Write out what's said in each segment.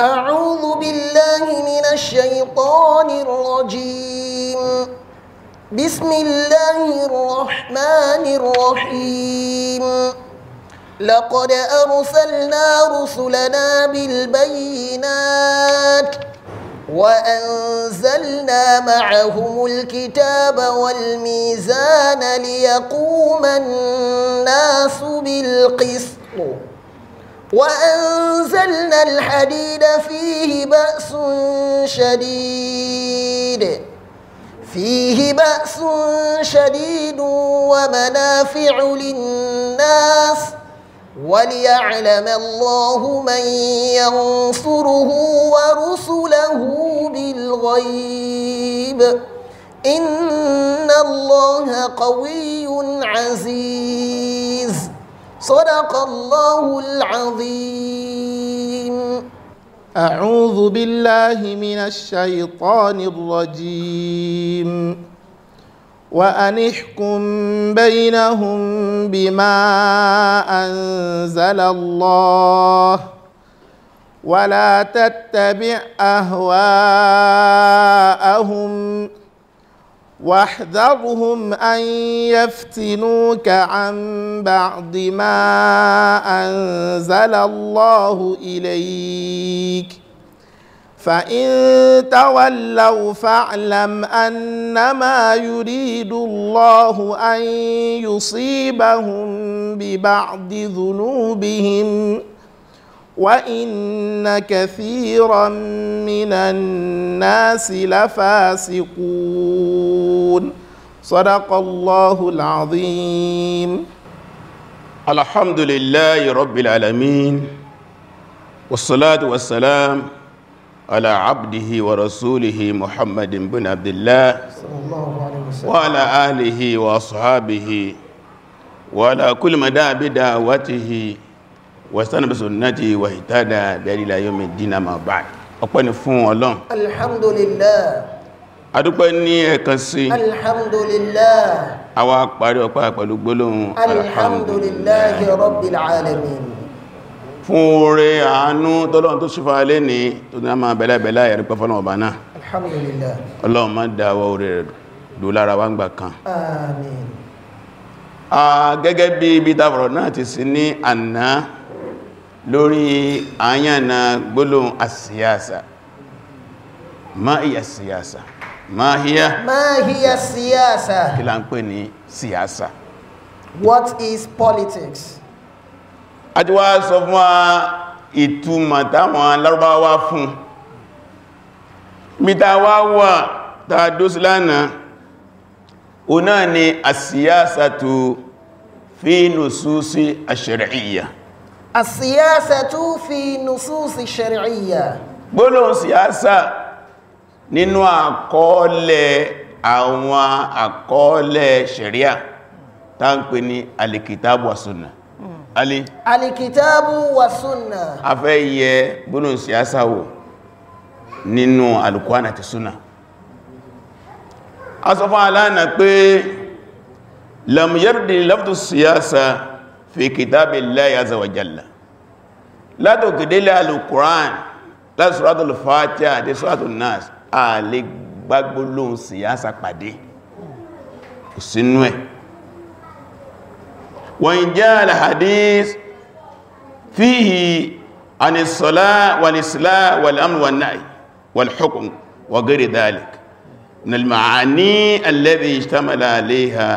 أعوذ بالله من الشيطان الرجيم بسم الله الرحمن الرحيم لقد أرسلنا رسلنا بالبينات وأنزلنا معهم الكتاب والميزان ليقوم الناس بالقسط وأنزلنا الحديد فيه بأس شديد فيه بأس شديد ومنافع للناس وليعلم الله من ينصره ورسله بالغيب إن الله قوي عزيز صدق الله العظيم أعوذ بالله من الشيطان الرجيم وأن احكم بينهم بما أنزل الله ولا تتبع أهواءهم واحذرهم ان يفتنوك عن بعض ما انزل الله اليك فان تولوا فاعلم انما يريد الله ان يصيبهم ببعض ذنوبهم وان كثيرا من الناس لفاسقون يشركون صدق الله العظيم الحمد لله رب العالمين والصلاة والسلام على عبده ورسوله محمد بن عبد الله وعلى آله وأصحابه وعلى كل مدى بدعوته وسنة بسنته واهتدى بإلى يوم الدين ما بعد أقول فون الله الحمد لله adúpẹ́ ní ẹ̀kan sí alhamdulillah àwa parí ọpá pẹ̀lú gbólóhùn alhamdulillahi rabbil alamin fún oore àánú tọ́lọ́run tó ṣífà alé ní tó ní a máa bẹ̀lẹ̀bẹ̀lẹ̀ ẹ̀rẹ́pẹ́ fọ́nà ọba náà alhamdulillah ọlọ́run má dáwọ́ orí rẹ̀ dó lára wá gbà kan àmín gẹ́gẹ́ bí ibi tàbọ̀rọ̀ náà ti sí ní àná lórí àyànà gbólóhùn àsíyàsà ma iya máhíyá máhíyá síyásá kí la ń pè ní síyásá what is politics a ti wá sọ fún wa ìtumọ̀ táwọn lárúbáwá fún mítà wá wà tàdósí lánàá o náà ni àsíyásàtò fi nùsúsí àṣẹ̀rẹ̀ìyà àsíyásàtò fi nùsúsí ṣẹ̀rẹ̀ìyà gbólóhùn síyásá nínú àkọọ́lẹ̀ àwọn àkọọ́lẹ̀ ṣẹ̀ríà tá ń pè ní alìkìtàbù wàsúnà hmm. alì alìkìtàbù wàsúnà a fẹ́ yẹ bónú síyásá wò nínú alùkwánà ti súnà a sọ fún aláàna pé lamuyardi lafdu síyásá fi kìtàbì láyá zawajalla látòkèdélé alùkùrán láti suratul fatiha a lè gbágbó lóhun síyásà pàdé kò sínú ẹ̀ wọ́n jẹ́ alhadis fíhì anisọ́lá wàlìsílá wàl'amùwànáì wàl'hukun wa gari dalik na al-ma'ani alladhi ishtamala alayha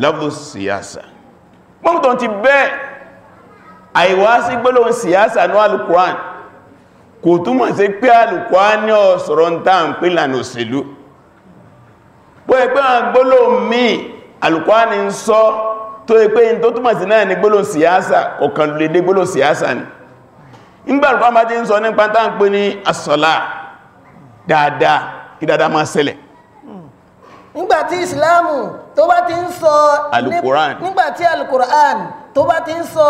lafzu siyasa mọ́mùtàn ti bẹ́ àìwá sí gbọ́lọ́wọ́n siyasa ní al kò túmọ̀ sí pé Al-Kùránì ọ̀sọ̀rọ̀ ń tàà ń pè lànà òṣèlú bó ẹgbẹ́ àwọn gbólóhùn míì Al-Kùránì ń sọ tó ẹgbẹ́ in tó túmọ̀ sí náà ní gbólóhùn síyásà ọ̀kan lè síyásà ni nígbà Al-Kùránì bá ti ń sọ nípa tàà ń pè ní asọ́lá dáadáa kí dáadáa máa ṣẹlẹ̀ nígbà tí Ìsìlámù tó bá ti ń sọ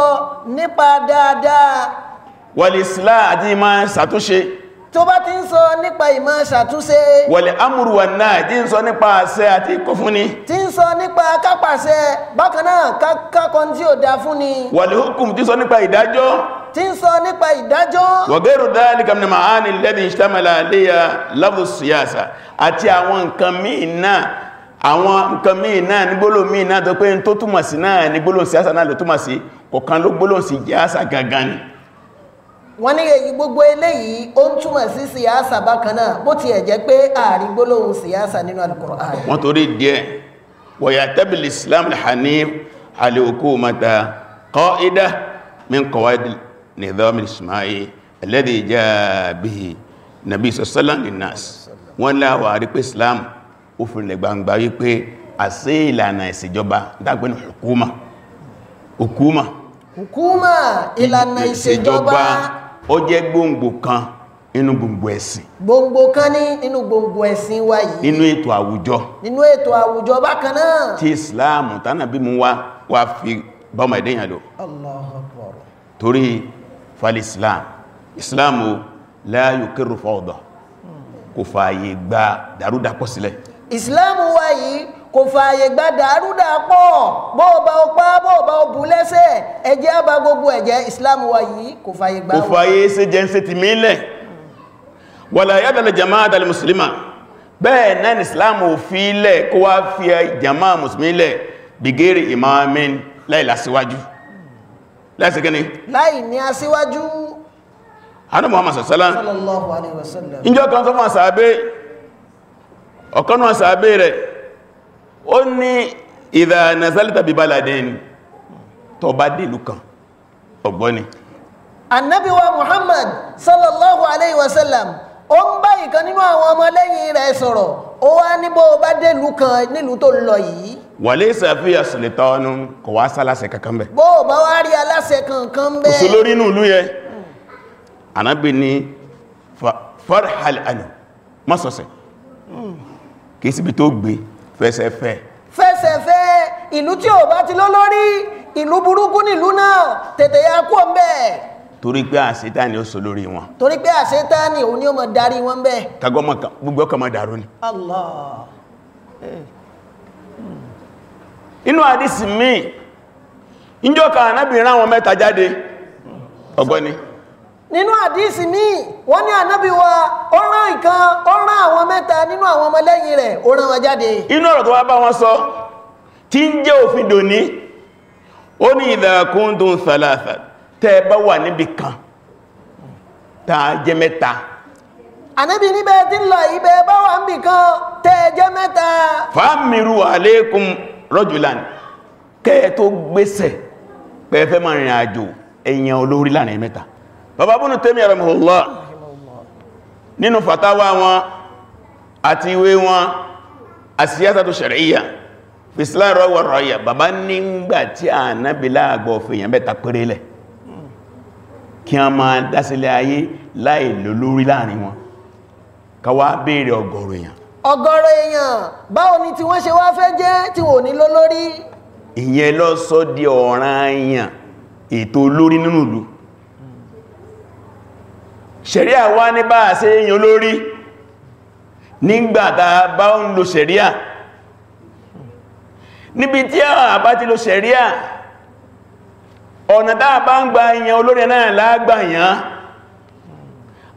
wàlìsílá àti ìmọ̀ ṣàtúnṣe tó bá ti ń sọ nípa ìmọ̀ ṣàtúnṣe wàlì amúrùwà náà tí ń sọ nípa àṣẹ àti ikọ̀ fúnni tí ń sọ nípa kápàṣẹ bákanáà kákan tí ó dá fúnni wàlì hukum tí ń sọ nípa ìdájọ́ tí ń sọ nípa ìdájọ́ wàgẹ́rù dhalika min ma'ani alladhi ishtamala alayya lafzu siyasa àti àwọn nǹkan míì náà àwọn nǹkan míì náà ní gbólóhùn míì náà tó pé ń tó túmọ̀ sí náà ní gbólóhùn siyasa náà ló túmọ̀ sí kọ̀kan ló gbólóhùn sí siyasa gangan ni wọ́n ní èyí gbogbo eléyìí ó ń túmọ̀ sí síyáàsà bákan náà bó tiẹ̀ jẹ́ pé ààrin gbólóhùn síyáàsà nínú Al-Qur'an. wọ́n torí díẹ̀ wọ̀yà tẹ́bìlì Islam al-hanif al-hukumata qa'ida hukuma hukuma hukuma ìlànà ìṣèjọba ó jẹ́ gbòǹgbò kan nínú gbòǹgbò ẹ̀sìn gbòǹgbò kan ní nínú gbòǹgbò ẹ̀sìn wá yìí nínú ètò àwùjọ nínú ètò àwùjọ bákan náà tí Islam tánà bí mú wá wá fi bọ́mọ̀ ẹ̀dẹ́yàn lò torí falẹ̀ Islam Islam o la yukiru fawda hmm. kò fààyè gba dàrúdàpọ̀ sílẹ̀ Islam wa yìí kò fààyè gba dàrúdàpọ̀ bó o bá o pa bó o bá o bù lẹ́sẹ̀ ẹjẹ́ àbá gbogbo ẹ̀jẹ́ islam wa yìí kò fààyè gba kò fààyè ṣe jẹ́ ṣe ti mílẹ̀ wàlá yàdàlẹ̀ jama'a dalẹ̀ musulima bẹ́ẹ̀ náà ni islam ò fi ilẹ̀ kó wá fi jama'a musulmi lẹ̀ bìgẹ́rì imamin láìlásíwájú láìsí gẹ́ni ó ní ìdànà sálítà bí bálàdé ni tó bá dìlú kan ọgbọ́ni annabiwa muhammad sallallahu alaihi wasallam ó ń bá ìkan nínú àwọn ọmọ lẹ́yìn rẹ̀ sọ̀rọ̀ ó wá níbo bá dìlú kan nílùú tó lọ yìí wàlé ìsàfíà sùlẹ̀tọ́ ọnù kò wá sálásẹ̀ kankan bẹ̀ bó bá wá rí aláṣẹ kankan bẹ̀ òsù lórí inú ìlú yẹ anábì ni farhal anu masọ̀sẹ̀ hmm. kìí síbi tó gbé fẹsẹ̀fẹ́ fẹsẹ̀fẹ́ ìlú tí ò bá ti lọ lórí ìlú burúkú nìlú náà tètè ya kú ọ̀bẹ̀ torí pé àṣetáni ó sọ lórí wọn torí pé àṣetáni òun ni ó mọ̀ darí wọn bẹ́ẹ̀ kagọ́mọ̀ gbogbo ọkọ̀ mọ̀ dàrú ni Allah inú àdísì míì ìjọ́ kan anábìnrin àwọn mẹ́ta jáde ọgbọ́ni mm nínú àdísì míì wọ́n ní ànábì wa ó rán ìkan ó rán àwọn mẹ́ta nínú àwọn ọmọlẹ́yìn rẹ̀ ó rán wọn jáde inú ọ̀rọ̀ tó wá bá wọn sọ tí ń jẹ́ òfin dòní ó ní idha kuntum thalatha tẹ́ bá wà níbi kan tá jẹ́ mẹ́ta ànábì níbẹ̀ tí ń lọ ibẹ̀ bá wà níbi kan tẹ́ jẹ́ mẹ́ta fa'amiru alaykum rajulan kẹ́ẹ̀ tó gbéṣẹ̀ pẹ́ẹ̀fẹ́ máa àjò èèyàn olórí láàrin mẹ́ta bàbá Ibn Taymiyyah rahimahullah nínú fatawa wọn àti ìwé wọn as-siyasatu shar'iyya fi islah wa ra'ya bàbá nígbà tí ànábìlá àgbọ̀ fèèyàn bẹ́ta péré lẹ̀ kí a máa dásílẹ̀ ayé láì lólórí láàrin wọn ká wá béèrè ọgọ́rọ̀ èèyàn ọgọ́rọ̀ èèyàn báwo ni tí wọ́n ṣe wá fẹ́ jẹ́ tí wọ́n ní lólórí ìyẹn ló di ọ̀ràn èèyàn ètò olórí nínú ìlú ṣẹ̀ríà wá ní bá àṣẹ èyàn lórí nígbàtà bá ń lo ṣẹ̀ríà níbi tí a bá ti lo ṣẹ̀ríà ọ̀nà dáa bá ń gba èyàn olórí náà lágbàyàn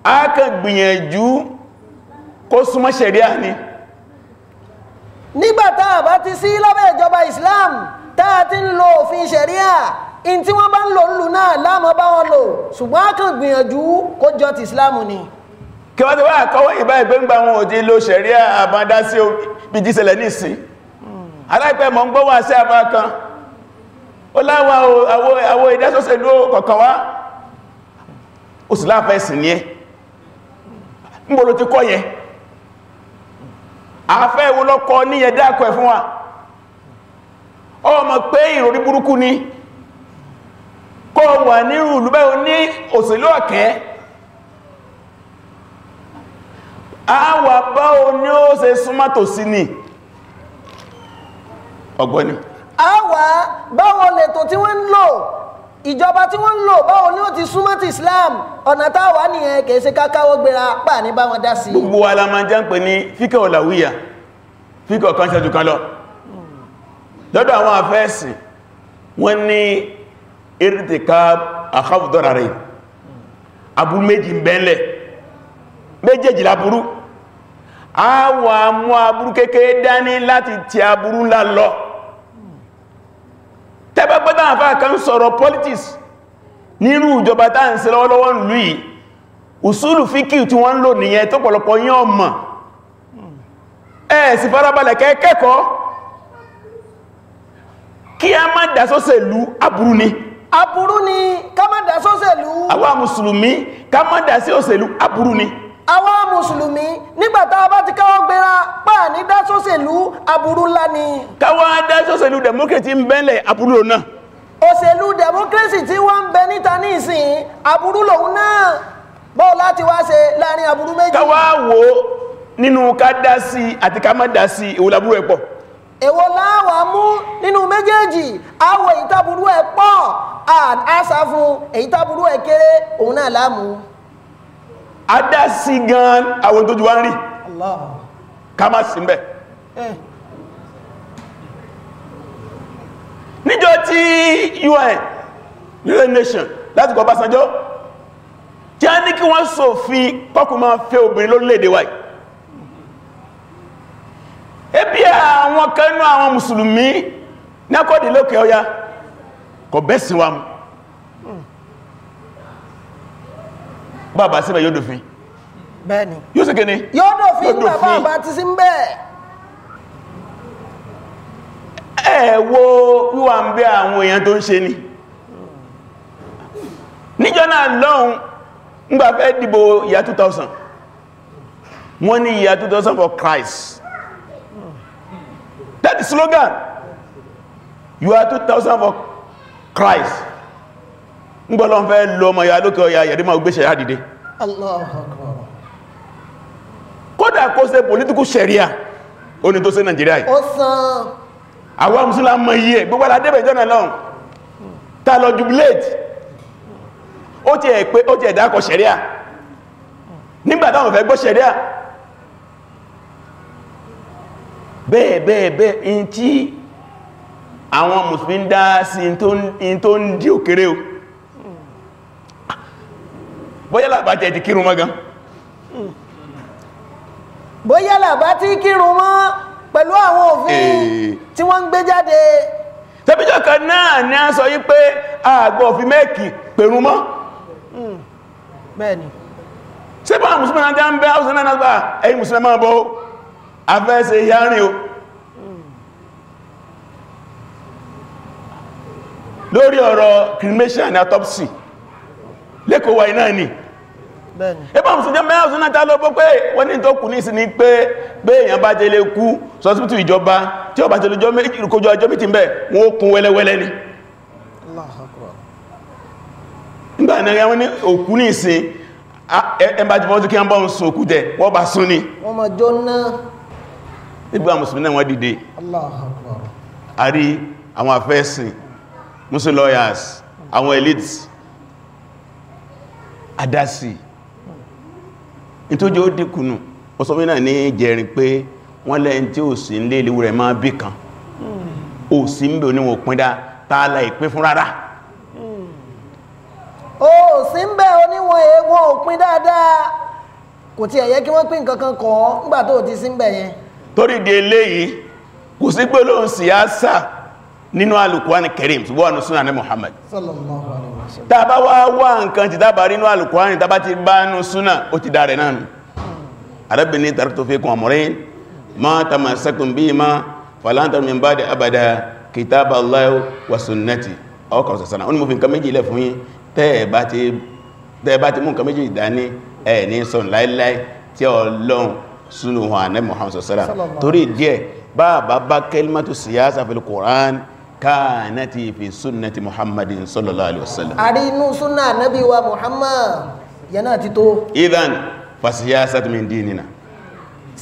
a kàn gbìyànjú kó súnmọ́ ṣẹ̀ríà ni nígbàtà bá ti sí lábẹ́ ìjọba Islam táà ti ń lo òfin ṣẹ̀ríà in tí wọ́n bá ń lò ń lù náà láàmú bá wọn lò ṣùgbọ́n a kàn gbìyànjú kó jọ ti islam ni kí wọ́n ti wá àkọwọ́ ìbá ìgbéǹgbà wọn òdí ló ṣẹ̀rí àbádá sí ibi jíṣẹ̀lẹ̀ ní ìsìn aláìpẹ́ mọ̀ ń gbọ́ wà sí àbá kan ó láwọn àwọ ìdásọ́sẹ̀lú kọ̀kan wá ó sì láàfẹ́ ìsìn ní ẹ mbòrò ti kọ́ yẹ àfẹ́ ìwọlọ́kọ níyẹ dákọ̀ ẹ̀ fún wa ọmọ kọ́ wà nírù lúbẹ́ o ní òṣèlú ọ̀kẹ́ a wà bá o ní ó ṣe súnmọ́ tòsí ni ọgbọ́ni a wà báwo lètò tí wọ́n ń lò ìjọba tí wọ́n ń lò báwo ni ó ti súnmọ́ ti Islam ọ̀nà táwà nìyẹn kèèṣe kákáwọ́ gbéra pà ní bá wọn dá sí gbogbo alamajá ń pè ní fíkẹ́ ọ̀làwíyà fíkẹ́ wọ́n ní irtikab akhafdọ́ra rẹ̀ aburú méjì ń bẹ́ẹ̀lẹ̀ méjèèjì láburú a wà mú aburú kékeré dání láti ti aburú ńlá lọ tẹ́bẹ́gbẹ́ta àfá kan sọ̀rọ̀ politics nírú ìjọba tá ń ṣe lọ́wọ́lọ́wọ́ ìlú yìí usulu fíkì tí wọ́n ń lò nìyẹn tó pọ̀lọpọ̀ yán ọmọ ẹ̀ sì farabalẹ̀ kẹ́kẹ́kọ́ kí a má dásọ́sẹ̀lú aburú ni aburú ni ká má dá sóṣèlú Awa mùsùlùmí ká má dá sí òṣèlú aburú ni àwa mùsùlùmí nígbàtá bá ti káwọ́ gbéra pà ní dá sóṣèlú aburú ńlá ni káwọ́ dá sóṣèlú democracy ń bẹ́lẹ̀ aburú náà òṣèlú democracy tí wọ́n ń bẹ níta ní ìsìn aburú lòun náà bọ́ láti wá ṣe láàrin aburú méjì káwọ́ wò nínú ká dá sí àti ká má dá sí ìwòlàbúrú ẹ̀pọ̀ èwo láwà mú nínú méjèèjì àwọ̀ èyí táburú ẹ̀ pọ̀ àṣà fún èyí táburú ẹ̀ kéré òun náà láàmú adásí gan àwọn tó jù wá ń rí ká má sí mẹ́ eh. níjọ tí UN United Nations láti kọ Ọbásanjọ́ tí a ní kí wọ́n ṣòfin pọ́kù fẹ́ obìnrin lórílẹ̀-èdè wáyìí ẹbí àwọn kanú àwọn mùsùlùmí nẹ́kọ́dì lókè ọya kò bẹ́sìn wa mú bàbá síbẹ̀ yóò dòfin bẹ́ẹ̀ni yóò sì kéne yóò dòfin bàbá àbá ti sí mbẹ́ ẹ wo wíwà ń bẹ àwọn èèyàn tó ń ṣe ni níjọ́ náà lọ́hun ń gbà fẹ́ dìbò 2000 wọ́n ní ya 2000 for Christ slogan you are 2000 for Christ ngbọ́lọ́ fẹ́ lọ ọmọ ya lókè ọya yẹ̀rí ma gbéṣẹ̀ ya dìde kódà kó ṣe political sharia ó ni tó ṣe Nigeria yìí àwọn musulman mọ̀ yìí ẹ̀ gbogbo jọ́nà lọ ta lọ jubilate ó ó ti ẹ̀dá kọ sharia nígbàtàwọn sharia bẹ́ẹ̀ bẹ́ẹ̀ bẹ́ẹ̀ in tí àwọn musulmi dá sí in tó ń dí òkèrè o bóyá làbá tẹ́ ti kírun mọ́ gan bóyá làbá tí kírun mọ́ pẹ̀lú àwọn òfin tí wọ́n ń gbé jáde tẹ́bíjọ́ kan náà ni a sọ yí pé àgbọ̀ òfin mẹ́ẹ̀kì pẹ̀rún mọ́ hmm. bẹ́ẹ̀ni ṣe bá musulmi náà dá ń bẹ́ afẹ́ẹ́sẹ̀ yárin o lórí ọ̀rọ̀ cremation and autopsy lẹ́kọ̀ọ́ wa iná ni ẹbá mùsùn jẹ́ mẹ́rin náà tàà pe pé wọ́n ní tó kù ní ìsinmi pé pé èyàn bá jẹ́ lè kú ìjọba tí ó bá jẹ́ lójọ́ ọjọ́ mítí bẹ́ wọ́n kún wẹ́lẹ́wẹ́lẹ́ ni nígbà náà nígbà musulmi náà wọ́n dìde a rí àwọn afẹ́sìn muslim lawyers àwọn elites adasi. ìtójú ó dínkùnù ó sọ mínà ní jẹrin pé wọ́n lẹ́yìn tí ó sì ń lé ìlú rẹ̀ máa bí kan ó sì ń bẹ̀ oníwọ̀n píndá tààlà ìpín fún rárá ó sì ń bẹ̀ oníwọ̀n èèwọ̀n òpin dáadáa kò tí ẹ̀yẹ́ kí wọ́n pín nǹkan kọ́ ńgbà tó ti sí ń bẹ̀ torí di eléyìí kò sí pé lóhun síyásà nínú alùkùránì Karim ṣùgbọ́n ọ̀nà súnà ní Muhammad tàbá wá wá nǹkan ti dábà nínú alùkùránì tàbá ti bá nú súnà ó ti dáre náà arábìnrin tàbí tó fi kún ọmọrin ma tamassakum bihima falan tantahu min ba'di abada kitaballahi wa sunnati ọkọ̀ sọ̀sọ̀nà ó ní mo fi nǹkan méjì ilẹ̀ fún yín tẹ́ẹ̀ bá ti mú nǹkan méjì ìdání ẹ̀ ní sọ̀n súnú wọn ànábì Muhammad sọ́sọ́lá torí díẹ̀ bá bá bá kẹlmàtù síyásà fil Qur'an kanati fi sunnati Muhammadin sallallahu alaihi wasallam àrínú súnà ànábì wa Muhammad yana ti tó idan fa siyasatu min dinina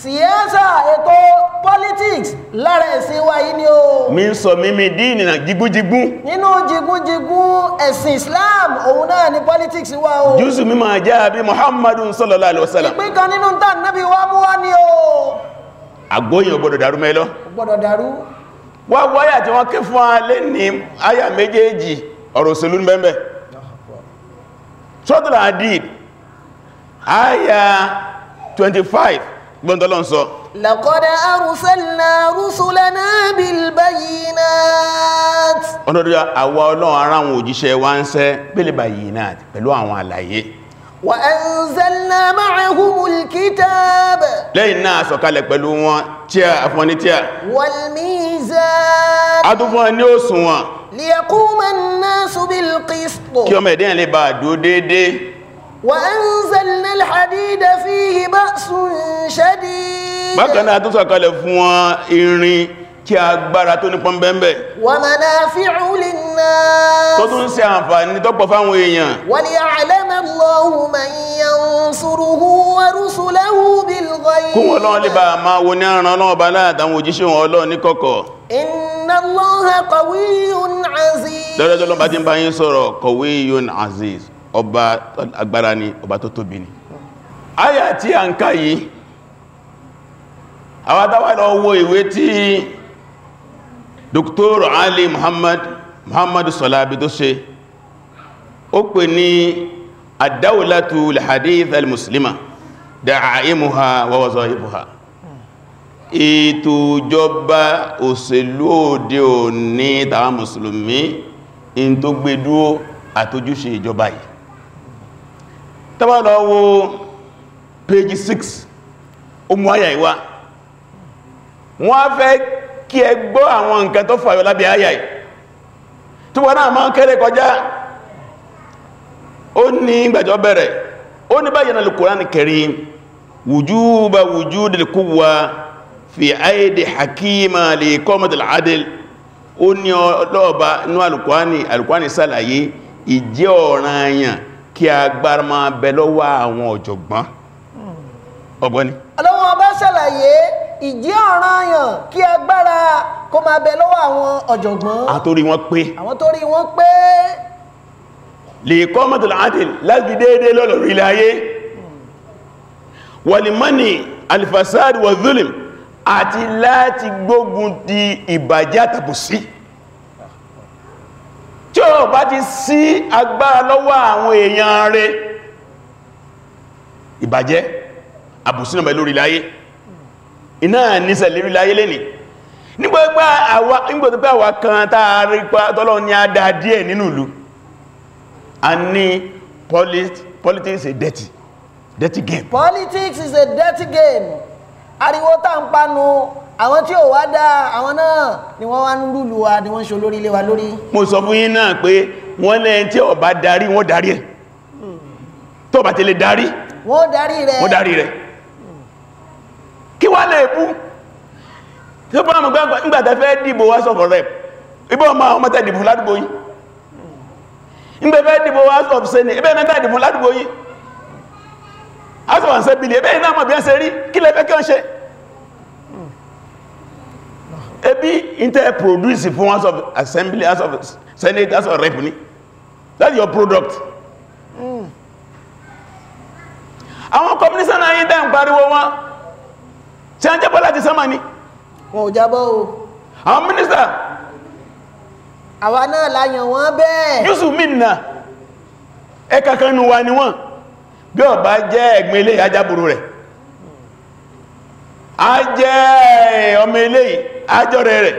siyasa ètò politics lára ẹ̀sìn wa yìí mi ń sọ mímí díìnì náà jigújigún nínú jigújigún ẹ̀sìn Islam òun náà ni politics wà o jùsù mímọ̀ jẹ́ àbí Muhammadun sallallahu alaihi wasallam ìpín kan nínú tàn náàbí wá mú wá ní o àgbóyìn ògbọ́dọ̀ dàrú mẹ́lọ ògbọ́dọ̀ dàrú wá wáyà tí wọ́n لقد أرسلنا رسلنا بالبينات ọdọ́dọ́ àwa ọlọ́run ara àwọn òjíṣẹ́ wa ń ṣẹ́ pẹ̀lú bayinat pẹ̀lú àwọn àlàyé وأنزلنا معهم الكتاب lẹ́yìn náà sọ̀kalẹ̀ pẹ̀lú wọn tí a fún ní tí a والميزان adúfún ní òṣùwọ̀n ليقوم الناس بالقسط kí ọmọ ẹ̀dẹ́ lè bá dúó déédéé وأنزلنا الحديد فيه بأس شديد bákan náà tún sọ̀kalẹ̀ fún wọn irin kí agbára tó nípọn bẹ́ẹ̀bẹ̀ wa manafi'u linnas tó tún ṣe àǹfààní tọ́pọ̀ fáwọn èèyàn wa liya'lama máa wo ní àrán Ọlọ́run bá ti ń bá yín sọ̀rọ̀ qawiyyun aziz ọba agbára ni ọba tó tóbi ni àyà tí a ń ká yìí àwọn adáwà lọ wo ìwé tí Dr. Ali Muhammad Muhammad Salabi tó ṣe ó pè ní ad-dawlatul hadith al-muslima da'imuha wa wazahibuha ètò ìjọba òṣèlú òde òní tàwọn mùsùlùmí in tó gbé dúó àtójúṣe ìjọba yìí tàbí page 6 ó mú wọ́n fẹ́ kí ẹ gbọ́ àwọn nǹkan tó fàyọ lábẹ́ àyà yìí tí wọ́n náà máa ń kéré kọjá ó ní gbàjọ́ bẹ̀rẹ̀ ó ní báyìí na Al-Qur'an Karim wujuba wujudil quwwa fi aidi hakima li iqamatil adl ìjẹ́ ọ̀ranyàn kí agbára kó máa bẹ lọ́wọ́ àwọn ọ̀jọ̀gbọ́n. àtórí wọn pé. àwọn tórí wọn pé. lè kọ́ mọ́tòlá àti láti déédéé lọ́lọ́ rí láyé wàlìmọ́nì alifasad wa zulim àti láti gbógun ti ìbàjẹ́ àtàbùsí tí ó bá ti sí agbára lọ́wọ́ àwọn èèyàn rẹ̀ ìbàjẹ́ àbùsí náà bẹ̀ lórí láyé iná nísẹ̀lérí láyé lẹ́ni nígbàgbà àwa kan tààrí tọ́lọ ní adá díẹ̀ nínú ìlú a ní politics is dirty dirty game politics is a dirty game ariwo tá ń panu àwọn tí ò wá dá àwọn náà ni wọ́n wá ń lùlù wa ni wọ́n ṣe olórí ilé wa lórí mo sọ fún yín náà pé wọ́n lẹ́yìn tí ó bá darí wọ́n darí rẹ̀ kí wá lè bú tí ó bá mọ̀ gbàtẹ́ fẹ́ dìbò wá sọ̀fọ̀ rẹ̀ ibọ́ ọmọ ọmọ tẹ́ dìbò ládùgbò yìí ìgbẹ́ fẹ́ dìbò wá sọ̀fọ̀ sí ni ibẹ́ mẹ́ta dìbò ládùgbò yìí asọ̀fọ̀ ṣe bìlì ẹbẹ́ iná mọ̀ bí ẹ́ ṣe rí inter produce fún house of assembly house of senate house of that's your product hmm. àwọn communist náà yí tẹ́ ń pariwo wọn tí a ń jẹ́bọ́ láti sánmà ní wọn ò jábọ́ o àwọn mínísítà àwa náà láyàn wọ́n bẹ́ẹ̀ yusuf minna ẹka kanú wa ni wọ́n bí ó bá jẹ́ ẹ̀gbìn ilé ajábúrú rẹ̀ a jẹ́ ọmọ ilé ajọ́rẹ̀ rẹ̀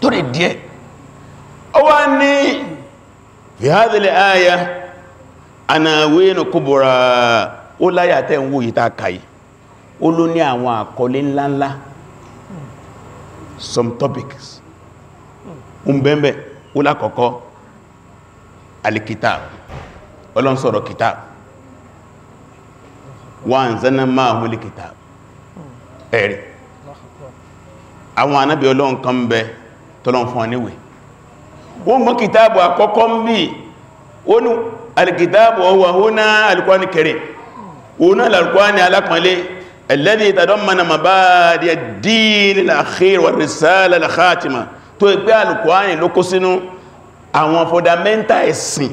tó rẹ̀ díẹ̀ ó wá ní fi hadhihi al-aya anawin kubura ó láyà tẹ́ ń wó yìí ta ó ló ní àwọn àkọlé ńláńlá some topics ọmọbẹ̀mẹ̀ ó lákọ̀ọ́kọ́ alikita. ọlọ́nsọ̀rọ̀ kitab wa anzalna ma'ahu likitab ẹ̀rì àwọn anábí ọlọ́n kan bẹ tọ́lọ́n fún aníwẹ̀ wọ́n mọ́ kìtàbù àkọ́kọ́ ń bí ó ní alikitabu huwa huna alquran karim òun náà alquran alápọ̀lẹ́ الذي يتضمن مبادئ الدين الاخير والرساله الخاتمه تو pé alukuran ló kó sínú àwọn fundamental ẹ̀sìn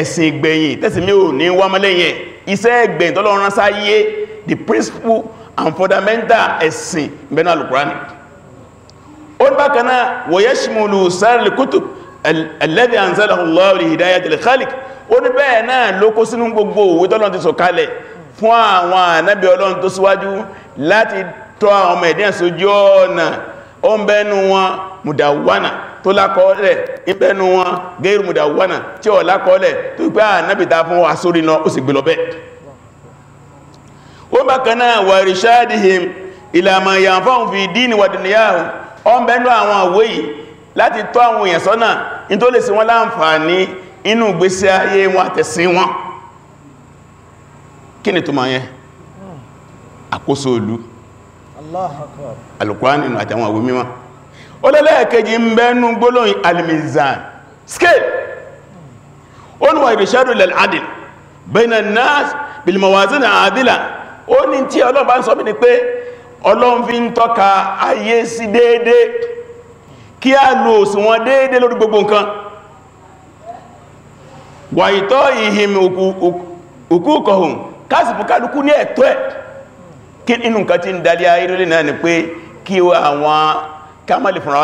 ẹ̀sìn ìgbẹ̀yìn tẹ́sìn mi ò ní wá mọ́ lẹ́yìn iṣẹ́ ìgbẹ̀yìn tó lọ́rán sáyé the principle and fundamental ẹ̀sìn bẹnu alukuran ó ní bákan náà wọ̀yẹ́ṣmùlù sáàrìlì kútùb alladhi anzalahu Allahu li hidayatil khaliq ó ní bẹ́ẹ̀ náà ló kó sínú gbogbo òwe tọ́lọ́run ti sọ̀kalẹ̀ fún àwọn ànábì ọlọ́run tó síwájú láti tọ́ àwọn ọmọ ẹ̀dẹ́ sójú ọ̀nà ó ń bẹ́nu wọn mùdàwánà tó lákọọ́lẹ̀ ìbẹ́nu wọn gẹ́rù mùdàwánà tí ó lákọọ́lẹ̀ tó pẹ́ ànábì ta fún wa sórí náà ó sì gbé lọ́bẹ̀ ó bákan náà wà rìṣáàdìhìm ìlàmà ìyànfọ́n fi dínì wà dìníyàwó ó ń bẹ́nu àwọn àwé yìí láti inú ìgbésí ayé wọn àtẹ̀sí wọn kí ni tó máa yẹn àkóso olú alùkwáni nù àtàwọn àwọn mímọ̀ ó lẹ́lẹ́ẹ̀kejì ń bẹ́nu gbólóyìn almizan scale ó ní wà ìrìṣẹ́rù lẹ́l'adìl bẹ́ẹ̀nà nas bilmawazin àdìlà ó ní tí ọlọ́run bá ń sọ bí ni pé ọlọ́run fi ń tọ́ka káàsì fún ní ẹ̀tọ́ ẹ̀ kí inú nǹkan tí ń darí náà ni pé kí àwọn kámàlì fúnra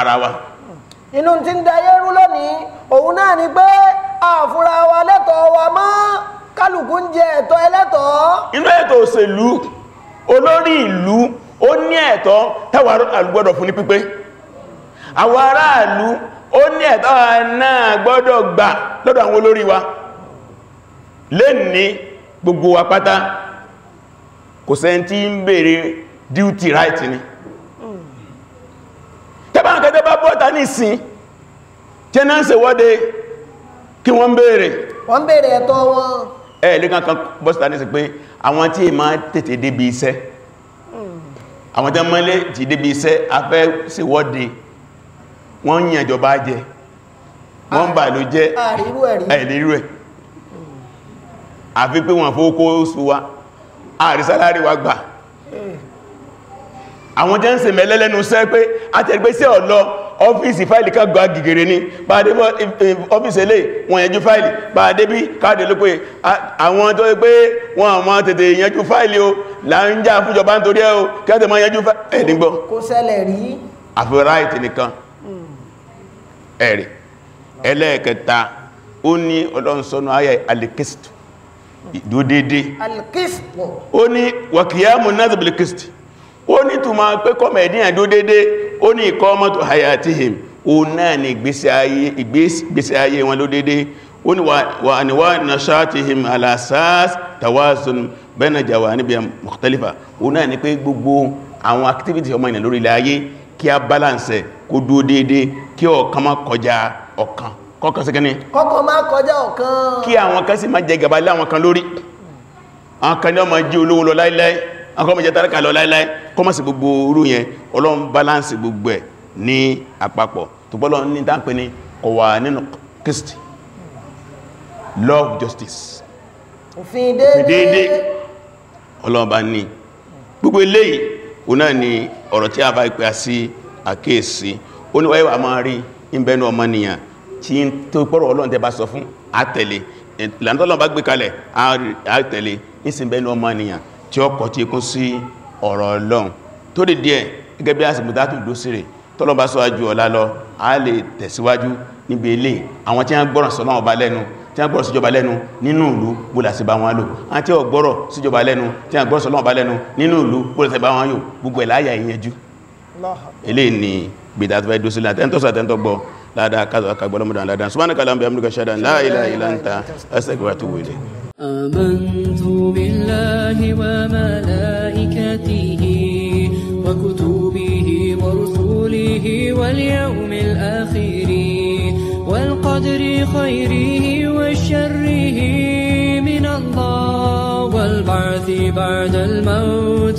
ara wa inú tí ń darí lónìí òun náà ni pé àfúnra wa ma wa mọ́ kálukú ń jẹ ẹ̀tọ́ ẹlẹ́tọ̀ọ́ inú Ilu òṣèlú olórí ìlú ó ní ẹ̀tọ́ táwa aráàlú gbogbo apata kò sẹ tí ń bèèrè duty right ni tẹ́bà ń kẹta bá bọ́ta ní ìsìn tí ẹ̀nà ń ṣe wọ́de kí wọ́n bèèrè wọ́n bèèrè ẹ̀tọ́ wọn ẹ̀ lè bọ́ta ní sí pé àwọn tí è máa tètè débi iṣẹ́ àwọn tí mọ́lé ti débi iṣẹ́ afẹ́ ṣe wọ́de wọ́n yìn ìjọba jẹ wọ́n bà ló jẹ́ àìlérú ẹ̀ àfi pé wọn fóókó oṣù wa àrí sálárì wa gbà àwọn jẹ́ ń se mẹ́lẹ́lẹ́nu sẹ́ pé a tẹ̀rí pé sí ọ̀lọ́ ọ́fíìsì fáìlì ká gba gìgèrè ní pàdé ọ́fíìsì ilé wọ́n yẹnjú fáìlì pàdé bí káàdì ló pé àwọn tó pé wọ́n àmọ́ tètè yẹnjú fáìlì o láńjá fújọba ń torí ẹ o kẹ́tẹ̀ mọ́ yẹnjú fáìlì gbọ́ kò ṣẹlẹ̀ rí àfi ráìtì nìkan ẹ̀rì ìdó dédé ó ní wàkìyàmù nazibili kristi ó ní túnmà pé kọmọ̀ ẹ̀díyàn ìdó dédé ó ní ikọ́ mọ́tò hayatihim ó náà ni ìgbésí ayé wọn ló dédé ó ní wà níwá nashatihim alasas tawazun bẹ́nà jàwà níbi mọ̀kútẹ́lifà ó náà ni pé gbogbo àwọn activity ọmọ ìnà lórí ilẹ̀ ayé kí a balance kó dúó dédé kí ọ̀kan má kọjá ọ̀kan kọ́kàn sí kẹni kọ́kàn máa kọjá ọ̀kan kí àwọn kan sì máa jẹ gàbà láwọn kan lórí àwọn kan ní ọmọ jí olówó lọ láìláì àwọn kan jẹ tálákà lọ láìláì kọ́ mọ́ sí gbogbo orú yẹn ọlọ́run balance gbogbo ẹ̀ ní àpapọ̀ tó bọ́lọ́ ní táǹpẹ́ ni kò wà nínú Kristi love justice òfin déédé ọlọ́run bá ní gbogbo eléyìí òun náà ni ọ̀rọ̀ tí a bá ìpẹ́ sí àkíyèsí ó ní wáyé wà máa rí ìbẹ́nu ọmọnìyàn tí ń tó pọ́rọ̀ ọlọ́run tẹ́ bá sọ fún àtẹ̀lé ìlànà tọ́lọ́run bá gbé kalẹ̀ àtẹ̀lé ìsìnbẹ́nu ọmọ ènìyàn tí ó kọ̀ tí kún sí ọ̀rọ̀ ọlọ́run tó dì díẹ̀ gẹ́gẹ́ bí àsìkò dátù dó sí rẹ̀ tọ́lọ́run bá sọ ajú ọ̀la a lè tẹ̀síwájú níbi ilé àwọn tí wọ́n gbọ́ràn sọ́lọ́run ọba lẹ́nu tí wọ́n gbọ́rọ̀ síjọba lẹ́nu nínú ìlú bólàsí bá wọn lò àwọn tí wọ́n gbọ́rọ̀ lada kaza ka bar mu da ladan subhanaka allahumma bihamdika shada la ilaha illa anta astaghfiruka wa atubu ilayk آمنت بالله وملائكته وكتبه ورسله واليوم الآخر والقدر خيره وشره من الله والبعث بعد الموت